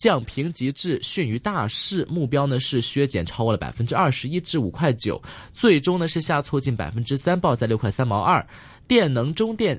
降評級至遜於大市，目標呢是削減超過了百分之二十一至五塊九，最終呢是下挫近百分之三，報在六塊三毛二。電能、中電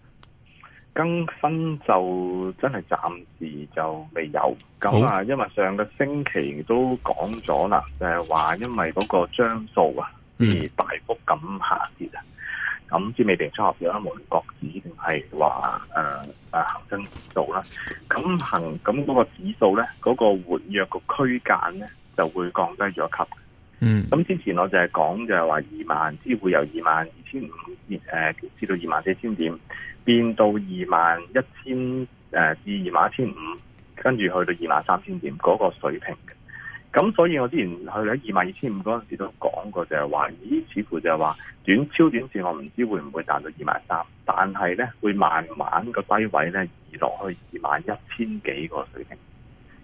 更新就真係暫時就未有，咁啊好，因為上個星期都講咗啦，就係話因為嗰個張數啊，嗯、而大幅咁下跌啊，咁至未定出合咗無論國指定係話誒誒恒生指數啦，咁恒咁嗰個指數咧，嗰個活躍個區間咧就會降低咗一級。嗯，咁之前我就係講就係話二萬，只會由二萬二千五點誒至到二萬四千點。變到二萬一千誒至二萬一千五，跟住，去到二萬三千點嗰個水平嘅。咁所以我之前去到二萬二千五嗰陣時都講過，就是，就係話咦，似乎就係話短超短線我唔知會唔會賺到二萬三，但係呢會慢慢個低位呢移落去二萬一千幾個水平。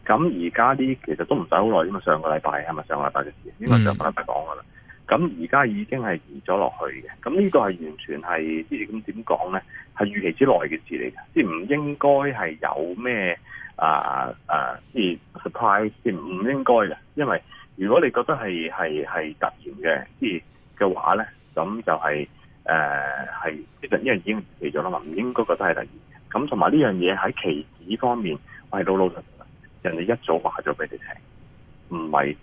咁而家啲其實都唔使好耐啫嘛，上個禮拜係咪上個禮拜嘅事？因為上個禮拜講過啦。嗯咁而家已經係移咗落去嘅，咁呢個係完全係即係咁點講咧，係預期之內嘅事嚟嘅，即係唔應該係有咩啊啊，即、啊、係、啊、surprise，即唔應該嘅。因為如果你覺得係係係突然嘅，即係嘅話咧，咁就係誒係其實呢樣已經嚟咗啦嘛，唔應該覺得係突然。咁同埋呢樣嘢喺期指方面，我係老老實實，人哋一早話咗俾你聽，唔係。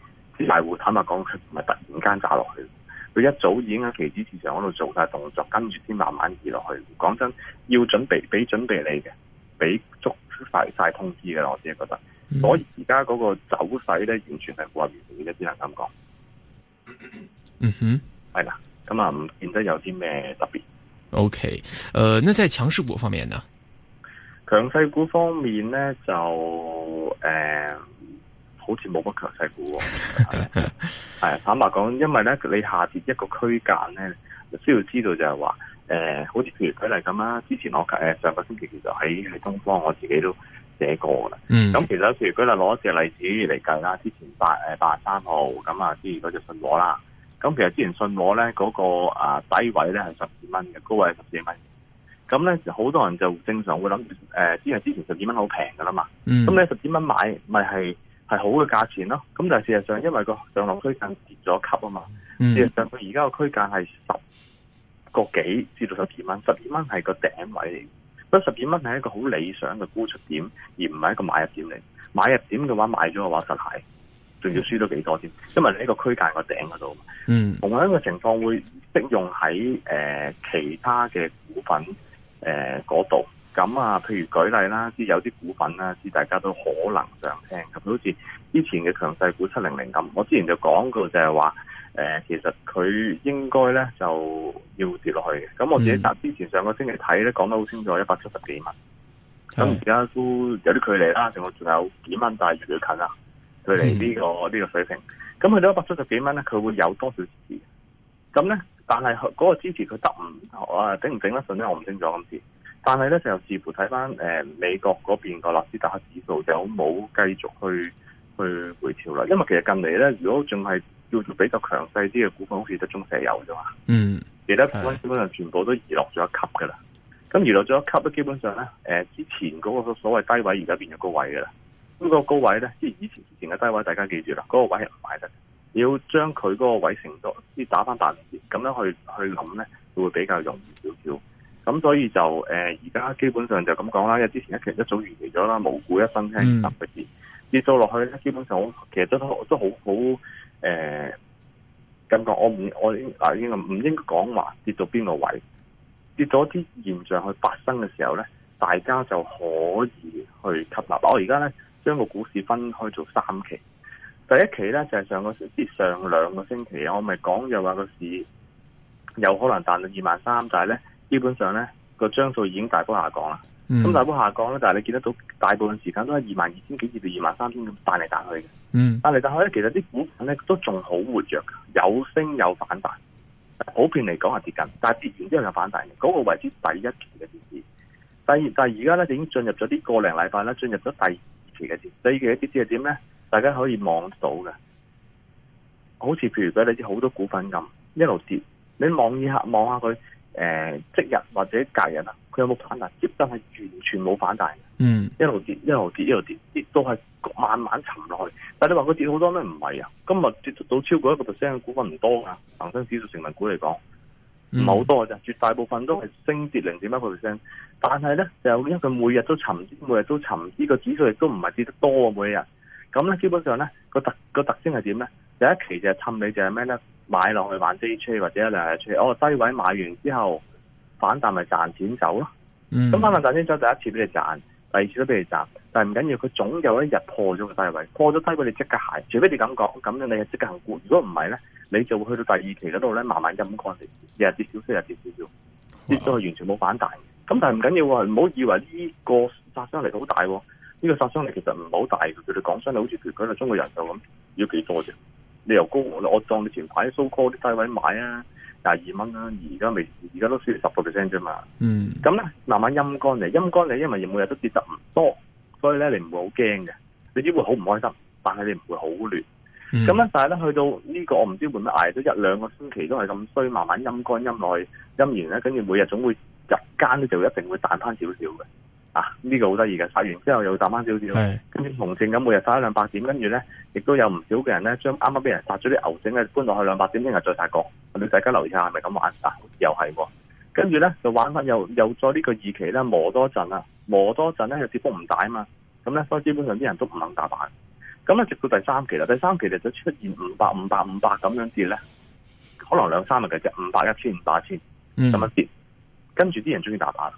大戶坦白講，佢唔係突然間炸落去，佢一早已經喺期指市場嗰度做晒動作，跟住先慢慢移落去。講真，要準備俾準備你嘅，俾足快晒通知嘅啦。我自己覺得，所以而家嗰個走勢咧，完全係符合嘅，只能咁講。嗯哼，係啦。咁、嗯、啊，唔見得有啲咩特別。OK，誒、呃，那在強勢股方面呢？強勢股方面咧，就誒。呃好似冇乜強勢股，係坦白講，因為咧你下跌一個區間咧，就需要知道就係話，誒、呃，好似譬如舉例咁啦，之前我誒上個星期其實喺喺東方，我自己都寫過啦。嗯，咁其實譬如舉例攞隻例子嚟計啦，之前八誒八十三號，咁啊，之前嗰隻信和啦，咁其實之前信和咧嗰個啊低位咧係十二蚊嘅，高位十四蚊，咁咧好多人就正常會諗住，誒、呃，因為之前十二蚊好平噶啦嘛，咁、嗯、你十四蚊買咪係？就是係好嘅價錢咯，咁但係事實上，因為個上落區間跌咗級啊嘛，事實上佢而家個區間係十個至十幾至到十二蚊，十二蚊係個頂位嚟，不過十二蚊係一個好理想嘅沽出點，而唔係一個買入點嚟。買入點嘅話，買咗嘅話實，實係仲要輸多幾多添，因為呢個區間個頂嗰度，同樣嘅情況會適用喺誒、呃、其他嘅股份誒嗰度。呃咁啊，譬如舉例啦，啲有啲股份啦，啲大家都可能想聽咁，好似之前嘅強勢股七零零咁，我之前就講過就、呃，就係話其實佢應該咧就要跌落去嘅。咁我自己搭之前上個星期睇咧，講得好清楚，一百七十幾蚊。咁而家都有啲距離啦，定我仲有幾蚊大，越嚟越近啦，佢離呢個呢個水平。咁去到一百七十幾蚊咧，佢會有多少支持？咁咧，但係嗰個支持佢得唔啊？頂唔頂得順咧？我唔清楚今次。但係咧就似乎睇翻誒美國嗰邊個納斯達克指數有冇繼續去去回調啦？因為其實近嚟咧，如果仲係叫做比較強勢啲嘅股份，好似得中石油啫嘛。嗯，其他股份基本上全部都移落咗一級噶啦。咁移落咗一級咧，基本上咧誒、呃、之前嗰個所謂低位而家變咗高位噶啦。咁，嗰個高位咧，即係以前之前嘅低位，大家記住啦，嗰，嗰個位係唔買得。要將佢嗰個位成到，即係打翻八折，咁樣去去諗咧，會比較容易少少。咁所以就誒，而、呃、家基本上就咁講啦，因為之前一期一早完結咗啦，冇估一分輕十個字跌到落去咧，基本上其實都都好好誒，感覺、呃、我唔我嗱應該唔應該講話跌到邊個位跌咗啲現象去發生嘅時候咧，大家就可以去吸納。我而家咧將個股市分開做三期，第一期咧就係、是、上個星上兩個星期，我咪講就話個市有可能彈到二萬三，但係咧。基本上咧個張數已經大幅下降啦，咁、嗯、大幅下降咧，但係你見得到大部分時間都係二萬二千幾至到二萬三千咁彈嚟彈去嘅，嗯，彈嚟彈去咧，其實啲股份咧都仲好活躍，有升有反彈，普遍嚟講係跌緊，但係跌完之後有反彈，嗰、那個位置第一期嘅跌跌，第二但係而家咧已經進入咗啲個零禮拜啦，進入咗第二期嘅跌，第二期嘅跌係點咧？大家可以望到嘅，好似譬如講你啲好多股份咁，一路跌，你望以下望下佢。看誒、呃，即日或者隔日啦，佢有冇反彈？接得係完全冇反彈，嗯，一路跌，一路跌，一路跌，跌都係慢慢沉落去。但係你話佢跌好多咩，唔係啊，今日跌到超過一個 percent 嘅股份唔多噶，恒生指數成分股嚟講，唔係好多嘅啫，絕大部分都係升跌零點一個 percent。但係咧，就因為佢每日都沉，每日都沉，呢個指數亦都唔係跌得多啊，每日。咁咧，基本上咧個特個特徵係點咧？第一期就係氹你，就係咩咧？買落去玩 day trade，或者一兩日 trade，我、哦、低位買完之後反彈咪賺錢走咯。咁反彈賺錢走，嗯、走第一次俾你賺，第二次都俾你賺，但係唔緊要，佢總有一日破咗個低位，破咗低位你即刻行，除非你咁講咁樣，你就即刻行。如果唔係咧，你就會去到第二期嗰度咧，慢慢陰乾嚟，日跌少少，日跌少少，跌到係完全冇反彈。咁但係唔緊要，唔好以為呢個殺傷力好大，呢、這個殺傷力其實唔好大。佢哋講傷力好似佢鬼中國人就咁要幾多啫。你由高，我我當你前排啲 so call 啲低位買啊，廿二蚊啦，而家未，而家都輸十個 percent 啫嘛。嗯，咁咧慢慢陰乾嚟，陰乾你因為每日都跌得唔多，所以咧你唔會好驚嘅，你只會好唔開心，但係你唔會好亂。咁咧、嗯，但係咧去到呢個我，我唔知會唔會挨咗一兩個星期都係咁衰，慢慢陰乾陰耐，去，陰完咧，跟住每日總會入間咧就一定會彈翻少少嘅。啊！呢，這個好得意嘅，殺完之後又打翻少少，的跟住同性咁每日殺一兩百點，跟住咧亦都有唔少嘅人咧，將啱啱俾人殺咗啲牛證嘅搬落去兩百點，聽日再殺過。你大家留意下係咪咁玩？啊，又係喎，哦！跟住咧就玩翻又又再呢個二期咧磨多陣啦，磨多陣咧又跌幅唔大啊嘛。咁咧所以基本上啲人都唔肯打板。咁咧直到第三期啦，第三期就出現五百五百五百咁樣跌咧，可能兩三日嘅嘅五百一千五百千咁樣跌，嗯、跟住啲人中意打板。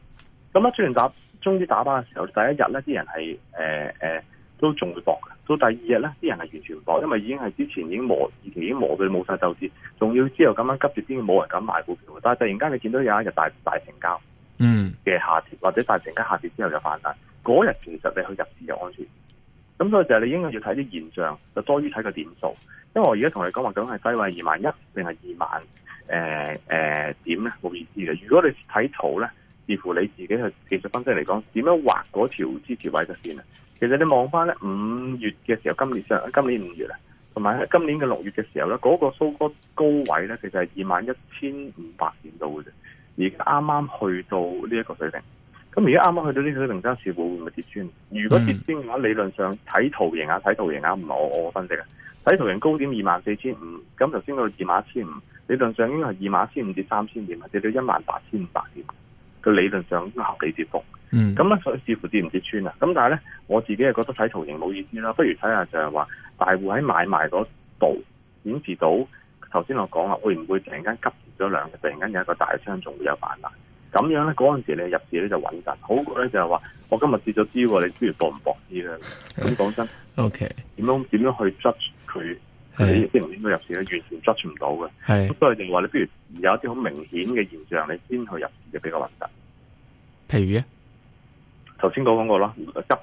咁一出完打。終於打波嘅時候，第一日咧啲人係誒誒都仲會搏嘅，到第二日咧啲人係完全唔搏，因為已經係之前已經磨已經磨到冇晒鬥志，仲要之後咁樣急住先至冇人敢買股票。但係突然間你見到有一日大大成交，嗯嘅下跌，或者大成交下跌之後就反彈，嗰日其實你去入市又安全。咁所以就係你應該要睇啲現象，就多於睇個點數。因為我而家同你講話究竟係低位二萬一，定係二萬誒誒點咧冇意思嘅。如果你睇圖咧。視乎你自己去技術分析嚟講，點樣畫嗰條支持位嘅線啊？其實你望翻咧五月嘅時候，今年上今年五月啊，同埋今年嘅六月嘅時候咧，嗰、嗰個收嗰高位咧，其實係二萬一千五百點度嘅啫。而啱啱去到呢一個水平，咁而家啱啱去到呢個水平，爭少少會唔會跌穿？如果跌穿嘅話，理論上睇圖形啊，睇圖形啊，唔係我我分析啊。睇圖形高點二萬四千五，咁頭先到二萬一千五，理論上應該係二萬一千五至三千點，或者到一萬八千五百點。佢理論上都合理接貨，咁咧佢視乎跌唔跌穿啊？咁但係咧，我自己係覺得睇圖形冇意思啦，不如睇下就係話大戶喺買賣嗰度顯示到頭先我講啦，會唔會突然間急跌咗兩日，突然間有一個大倉仲會有反彈？咁樣咧嗰陣時你入市咧就穩陣，好過咧就係話我今日跌咗啲，你不如搏唔搏啲咧？咁講的真，OK，點樣點樣去 judge 佢係應唔應該入市咧？完全 judge 唔到嘅，係的，所以就話你不如有一啲好明顯嘅現象，你先去入市。比較穩定，譬如啊，頭先講講過啦，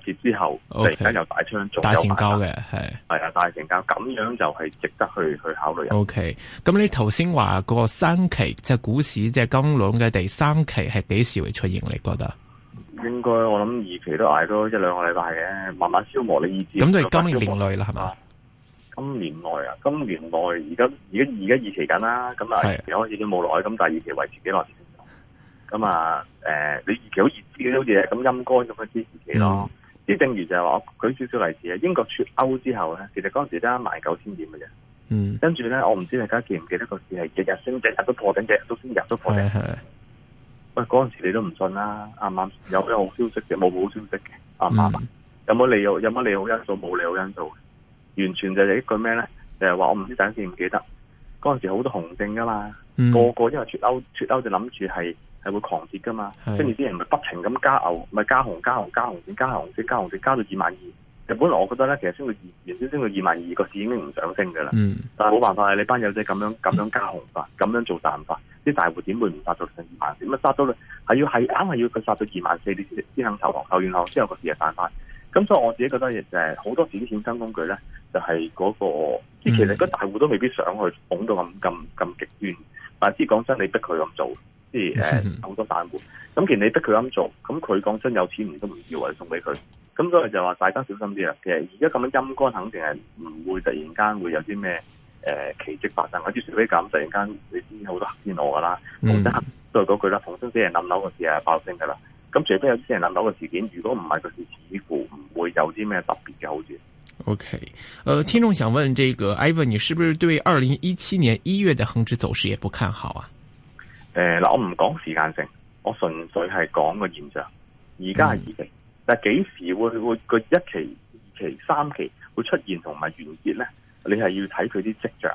急跌之後，又 Okay, 大倉，大成交嘅係係啊，大成交咁樣就係值得去去考慮。O K. 咁你頭先話個三期即係股市，即係金龍嘅第三期係幾時會出現？你覺得應該我諗二期都挨多一兩個禮拜嘅，慢慢消磨你意志慢慢。咁都係今年內啦，係嘛？今年內啊，今年內而家而家二期緊啦，咁啊，期開始都冇耐，咁是但二期維持幾耐？咁啊，你而家好熱知嘅，好似咁陰乾咁樣支持自己咯。正如就係話，我舉少少例子啊。英國脱歐之後咧，其實嗰陣時得萬九千點嘅啫。嗯，跟住咧，我唔知大家記唔記得個市係日日升，日日都破頂，日日都升，日日升日日都破頂。係喂是，嗰陣、欸、時你都唔信啦，啱啱有咩好消息嘅，冇好消息嘅，啱啱、嗯嗯，有冇利好？有冇利，利好因素，冇利好因素嘅，完全就係一句咩咧？就係、是、話我唔知第一次唔記得嗰陣時好多熊證噶嘛，嗯、個個因為脱歐脱歐就諗住係。係會狂跌噶嘛？跟住啲人咪不停咁加牛，咪加紅、加紅、加紅線、加紅線、加紅線，加到二萬二。其實本來我覺得咧，其實升到二，原先升到二萬二個市已經唔上升噶啦。嗯。但係冇辦法，你班友仔咁樣咁樣加紅法，咁樣做彈法，啲大戶點會唔發到二萬？點樣殺到？係要係啱係要佢殺到二萬四，你先先肯投降，然後之後個市係彈法。咁所以我自己覺得，誒，好多短衍生工具咧，就係嗰個，即係其實個大戶都未必想去捧到咁咁咁極端，但係只講真，你逼佢咁做。即係誒，好多散戶，咁既然你逼佢咁做，咁佢講真有錢唔都唔要，或者送俾佢。咁所以就話大家小心啲啦！其實而家咁樣陰乾肯定係唔會突然間會有啲咩誒奇蹟發生。我知除非咁突然間，你知好多黑天鵝噶啦，冇得。都係嗰句啦，逢中死人冧樓嘅事係爆升噶啦。咁除非有啲死人冧樓嘅事件，如果唔係，佢似乎唔會有啲咩特別嘅好處。OK，誒、呃，聽眾想問這個 Ivan，你是不是對二零一七年一月嘅恒指走勢也不看好啊？誒，嗱、呃、我唔講時間性，我純粹係講個現象。而家係二期，嗯、但係幾時會會個一期、二期、三期會出現同埋完結咧？你係要睇佢啲跡象。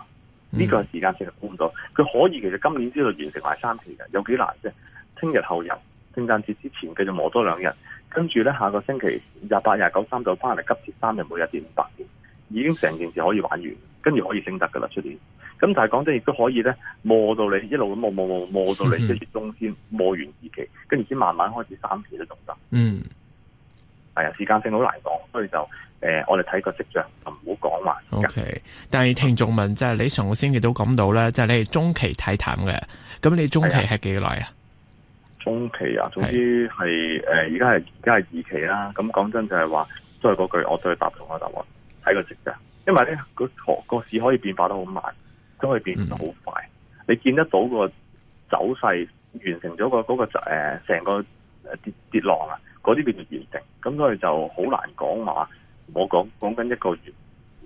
呢、這個係時間性估唔到。佢可以其實今年之內完成埋三期嘅，有幾難啫？聽日後日，聖誕節之前繼續磨多兩日，跟住咧下個星期廿八、廿九、三就翻嚟，急跌三日，每日跌五百點，已經成件事可以玩完，跟住可以升得噶啦出年。咁但係講真，亦都可以咧磨到你一路咁磨磨磨磨到你，即係中先磨完二期，跟住先慢慢開始三期都仲得。嗯，係啊，時間性好難講，所以就誒、呃，我哋睇個跡象 okay, 的就唔好講話 O K，但係聽眾問就係你上個星期都講到呢，就係、是、你，你中期睇淡嘅，咁你中期係幾耐啊？中期啊，總之係誒，而家係而家係二期啦。咁、嗯、講真就係話，都係嗰句，我都係答同個答案，睇個跡象，因為咧個、那個市可以變化得好慢。都可以變得好快，你見得到個走勢完成咗個嗰個誒成個跌跌浪啊，嗰啲變成完成，咁所以就好難講話。我講講緊一個月，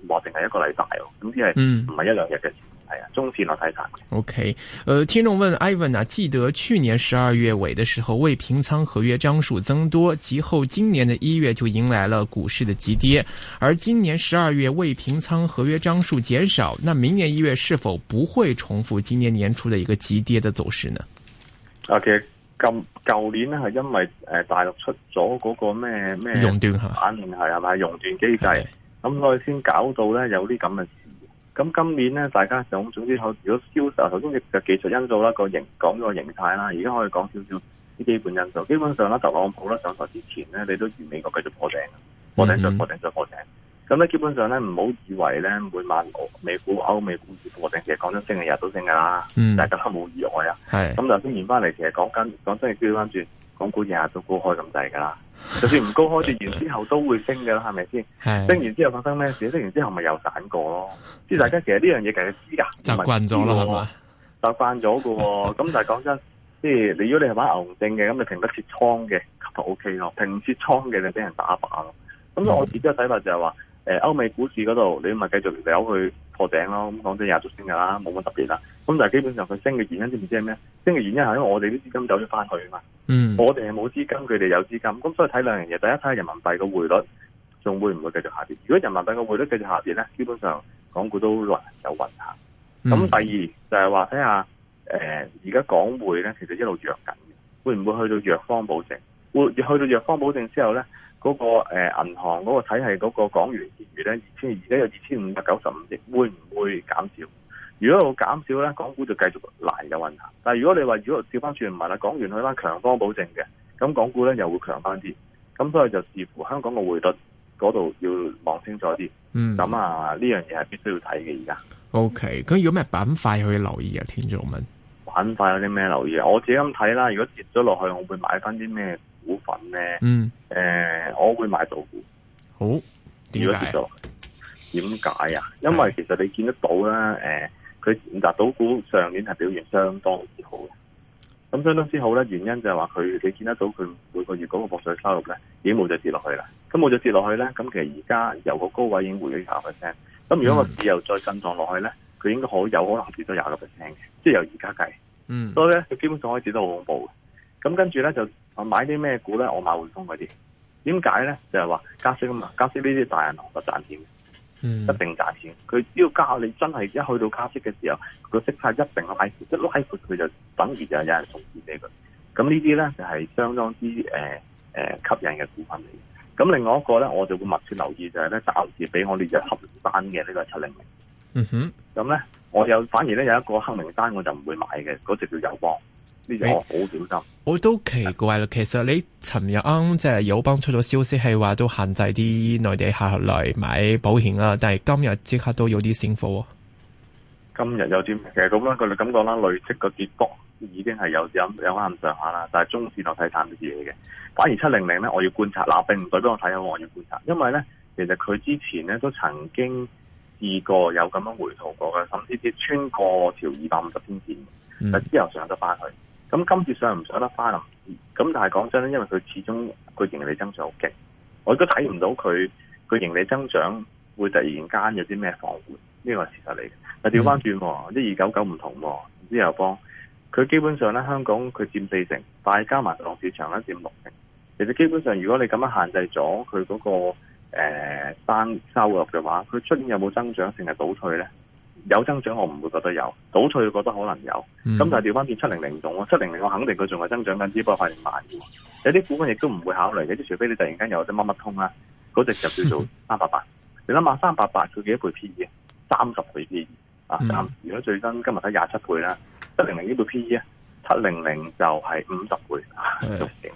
或定係一個禮拜喎。咁即係唔係一兩日嘅。係啊，中線落睇下。OK，呃，聽眾問 Ivan 啊，記得去年十二月尾的時候，未平倉合約張數增多，及後今年的一月就迎來了股市的急跌，而今年十二月未平倉合約張數減少，那明年一月是否不會重複今年年初的一個急跌的走勢呢？啊，其實咁舊年咧係因為誒大陸出咗嗰個咩咩熔斷啊，係係咪熔斷機制？咁所以先搞到咧有啲咁嘅。咁今年咧，大家想總之好，如果銷售，頭先嘅技術因素啦，個形講個個形態啦，而家可以講少少啲基本因素。基本上啦特朗普啦上台之前咧，你都與美國繼續破頂，破頂再破頂再破頂。咁咧，基本上咧，唔好以為咧每晚美股、歐美股市破頂，其實講真，星期日都升噶啦，大家都冇意外啊。咁頭先演翻嚟，其實講緊講真嘅，轉翻轉。講股日日都高開咁滯噶啦，就算唔高開，跌完之後都會升嘅啦，係咪先？ 是的 升完之後發生咩事？升完之後咪又散過咯。即係大家其實呢樣嘢其實知噶，習慣咗啦，係嘛？ 習慣咗嘅，咁但係講真，即係如果你係玩牛熊證嘅，咁你平得切倉嘅就 OK 咯，平唔切倉嘅你俾人打靶咯。咁我自己嘅睇法就係話。嗯誒，歐美股市嗰度，你咪繼續走去破頂咯，咁講啲廿度升噶啦，冇乜特別啦。咁但係基本上佢升嘅原因知唔知係咩？升嘅原因係因為我哋啲資金走咗翻去啊嘛。嗯。我哋係冇資金，佢哋有資金，咁所以睇兩樣嘢。第一睇下人民幣個匯率仲會唔會繼續下跌？如果人民幣個匯率繼續下跌咧，基本上港股都難有運行。咁、嗯、第二就係話睇下，誒而家港匯咧其實一路弱緊嘅，會唔會去到弱方保證？會去到弱方保證之後咧？嗰、那個誒、呃、銀行嗰個體系嗰個港元結餘咧，二千而家有二千五百九十五億，會唔會減少？如果我減少咧，港股就繼續難有問題。但係如果你話，如果調翻轉唔係啦，港元去翻強方保證嘅，咁港股咧又會強翻啲。咁所以就視乎香港個匯率嗰度要望清楚啲。嗯，咁啊呢樣嘢係必須要睇嘅。而家 OK，咁如果咩板塊可以留意啊？天主文板塊有啲咩留意啊？我自己咁睇啦，如果跌咗落去，我會買翻啲咩？股份咧，誒、嗯呃，我會買到股。好，如果跌咗落去，點解啊？因為其實你見得到啦，誒、呃，佢嗱，賭股上年係表現相當之好嘅。咁相當之好咧，原因就係話佢，你見得到佢每個月嗰個博彩收入咧，已經冇再跌落去啦。咁冇再跌落去咧，咁其實而家由個高位已經回跌廿個 percent。咁如果個市又再震盪落去咧，佢應該好有可能跌到廿個 percent 嘅，即係由而家計。嗯，所以咧，佢基本上可以跌到好恐怖嘅。咁跟住咧就。買啲咩股咧？我買匯豐嗰啲，點解咧？就係、是、話加息啊嘛，加息呢啲大銀行就賺錢，一定賺錢。佢、嗯、只要加你真係一去到加息嘅時候，個息差一定拉，嗯、一拉闊佢就等於就有人送錢俾佢。咁呢啲咧就係、是、相當之誒誒、呃呃、吸引嘅股份嚟。咁另外一個咧，我就會密切留意就係、是、咧，暫時俾我哋列入黑名單嘅呢、這個七零零。嗯哼，咁咧我有反而咧有一個黑名單，我就唔會買嘅，嗰、那、隻、個、叫友邦。我好小我都奇怪咯。其實你尋日啱即係友邦出咗消息，係話都限制啲內地客戶嚟買保險啊。但係今日即刻都有啲先火。今日有啲其實咁啦，佢哋咁講啦，累積個跌幅已經係有有有啱上下啦。但係中線就睇淡啲嘢嘅。反而七零零咧，我要觀察。嗱、呃，並唔代表我睇啊，我要觀察。因為咧，其實佢之前咧都曾經試過有咁樣回吐過嘅，甚至乎穿過條二百五十天線，但之後上得翻去。嗯咁今次上唔上得翻啊？咁但係講真咧，因為佢始終個盈利增長好勁，我都睇唔到佢個盈利增長會突然間有啲咩放緩，呢個係事實嚟嘅。但係調翻轉一、二九九唔同，之後幫佢基本上咧香港佢佔四成，但係加埋佢個市場咧佔六成。其實基本上，如果你咁樣限制咗佢嗰個誒生收入嘅話，佢出年有冇增長，定係倒退咧？有增長我唔會覺得有，倒退覺得可能有。咁、嗯、但係調翻轉七零零總喎，七零零我肯定佢仲係增長緊，只不過係慢啲。有啲股份亦都唔會考慮嘅，有啲除非你突然間有啲乜乜通啦，嗰隻就叫做三百八。你諗下三百八佢幾多倍 P E、嗯、啊？三十倍 P E 啊，暫時。如果最新今日睇廿七倍啦，七零零呢個 P E 啊，七零零就係五十倍。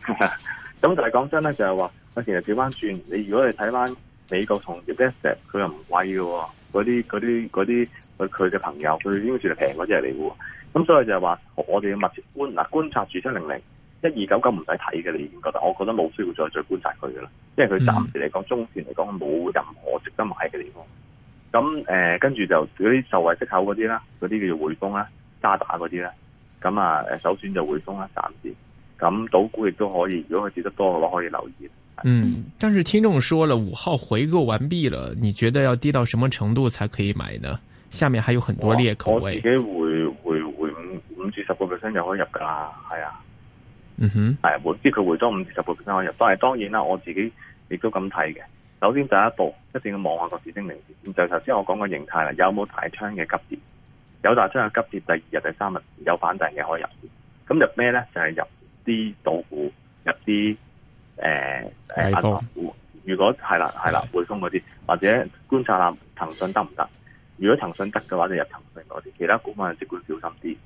咁但係講真咧，就係、是、話、就是，我其實調翻轉，你如果你睇翻。美國同業咧，成佢又唔貴嘅喎，嗰啲嗰啲啲佢佢嘅朋友佢應該住係平嗰隻嚟嘅喎。咁所以就係話我哋密切觀嗱觀察住七零零一二九九唔使睇嘅，你已經覺得，我覺得冇需要再再觀察佢嘅啦，即係佢暫時嚟講，嗯、中線嚟講冇任何值得買嘅地方。咁誒，跟、呃、住就嗰啲受惠息口嗰啲啦，嗰啲叫做匯豐啦、渣打嗰啲啦，咁啊誒，首選就匯豐啦暫時，咁賭股亦都可以，如果佢跌得多嘅話，可以留意。嗯，但是聽眾說了五號回購完畢了，你覺得要低到什麼程度才可以買呢？下面還有很多裂口位，我自己回回回五五至十個 percent 就可以入噶啦，係啊，嗯哼，係，我知佢回咗五至十個 percent 可以入，但係當然啦，我自己亦都咁睇嘅。首先第一步一定要望下個指升零就再頭先我講個形態啦，有冇大窗嘅急跌，有大窗嘅急跌，第二日第三日有反彈嘅可以入，咁入咩呢？就係、是、入啲倒股，入啲。誒誒，呃、峰股，如果係啦係啦，匯豐嗰啲或者觀察下騰訊得唔得？如果騰訊得嘅話，就入騰訊嗰啲。其他股份即管小心啲。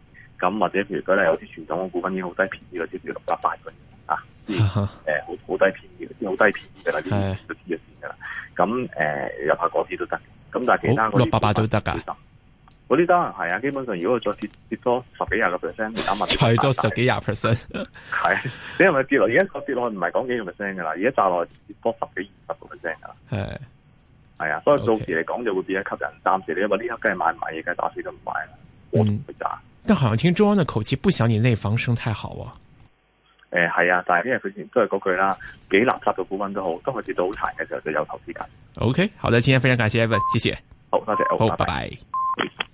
咁或者譬如講咧，有啲傳統嘅股份已經好低便宜，好似六百八咁啊，誒好好低便宜，啲好低便宜嘅啦，啲都的知咗先噶啦。咁誒、呃，入下嗰啲都得。咁但係其他嗰啲六百八都得噶。嗰啲得係啊，基本上如果再跌跌多十幾廿個 percent，跌啱咪？再跌多十幾廿 percent，係。你係咪跌落？而家個跌落唔係講幾個 percent 噶啦，而家炸落去跌多十幾二十個 percent 噶啦。係係啊，所以到時嚟講就會變得吸引，暫時你因為呢刻梗係買唔買嘢嘅，打死都唔買啦。嗯，我炸但好像聽中央嘅口氣，不想你內房升太好啊。誒係、呃、啊，但係因為佢都係嗰句啦，幾垃圾嘅股份都好，當佢跌到好殘嘅時候就有投資價值。OK，好啦，今日非常感謝，Ivan，謝謝。好，多謝，哦、好，拜拜。